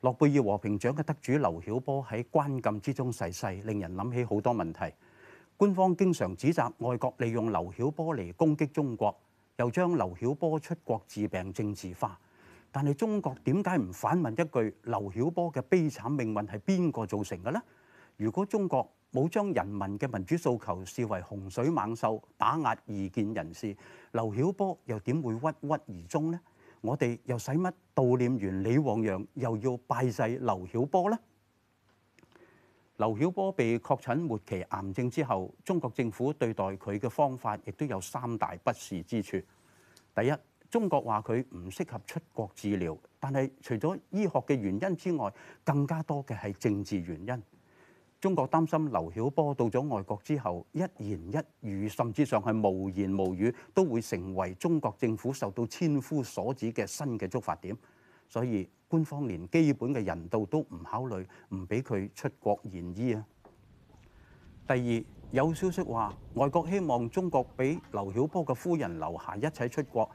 諾貝爾和平獎嘅得主劉曉波喺關禁之中逝世，令人諗起好多問題。官方經常指責外國利用劉曉波嚟攻擊中國，又將劉曉波出國治病政治化。但係中國點解唔反問一句，劉曉波嘅悲慘命運係邊個造成嘅呢？如果中國冇將人民嘅民主訴求視為洪水猛獸，打壓異見人士，劉曉波又點會鬱鬱而終呢？我哋又使乜悼念完李旺陽，又要拜祭劉曉波咧？劉曉波被確診末期癌症之後，中國政府對待佢嘅方法亦都有三大不是之處。第一，中國話佢唔適合出國治療，但係除咗醫學嘅原因之外，更加多嘅係政治原因。中國擔心劉曉波到咗外國之後，一言一語，甚至上係無言無語，都會成為中國政府受到千夫所指嘅新嘅觸發點。所以官方連基本嘅人道都唔考慮，唔俾佢出國言醫啊。第二，有消息話外國希望中國俾劉曉波嘅夫人劉霞一齊出國，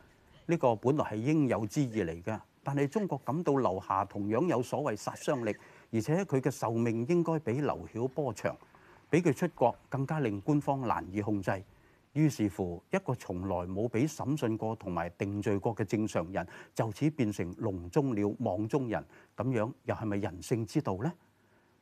呢個本來係應有之義嚟嘅，但係中國感到劉霞同樣有所謂殺傷力。而且佢嘅壽命應該比劉曉波長，俾佢出國更加令官方難以控制。於是乎，一個從來冇俾審訊過同埋定罪過嘅正常人，就此變成籠中鳥、網中人，咁樣又係咪人性之道呢？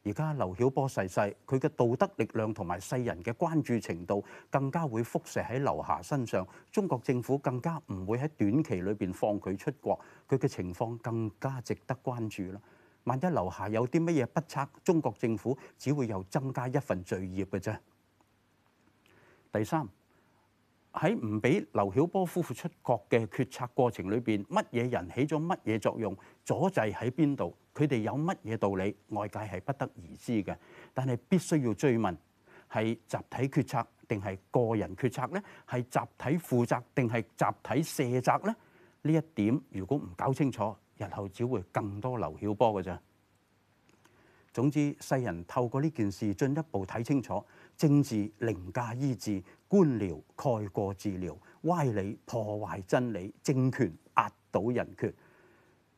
而家劉曉波逝世，佢嘅道德力量同埋世人嘅關注程度，更加會輻射喺劉霞身上。中國政府更加唔會喺短期裏邊放佢出國，佢嘅情況更加值得關注啦。萬一留下有啲乜嘢不測，中國政府只會又增加一份罪孽嘅啫。第三，喺唔俾劉曉波夫婦出國嘅決策過程裏邊，乜嘢人起咗乜嘢作用？阻滯喺邊度？佢哋有乜嘢道理？外界係不得而知嘅，但係必須要追問：係集體決策定係個人決策呢？係集體負責定係集體卸責呢？呢一點如果唔搞清楚，日後只會更多劉曉波嘅啫。總之，世人透過呢件事進一步睇清楚政治凌駕醫治、官僚蓋過治療、歪理破壞真理、政權壓倒人權。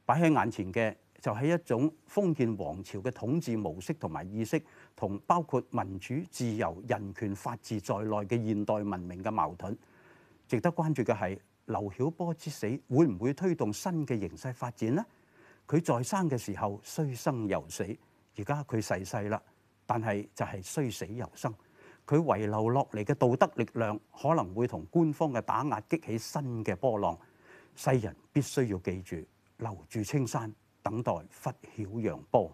擺喺眼前嘅就係一種封建王朝嘅統治模式同埋意識，同包括民主、自由、人權、法治在內嘅現代文明嘅矛盾。值得關注嘅係，劉曉波之死會唔會推動新嘅形勢發展呢？佢在生嘅時候雖生猶死，而家佢逝世啦，但係就係雖死猶生。佢遺留落嚟嘅道德力量，可能會同官方嘅打壓激起新嘅波浪。世人必須要記住，留住青山，等待拂曉揚波。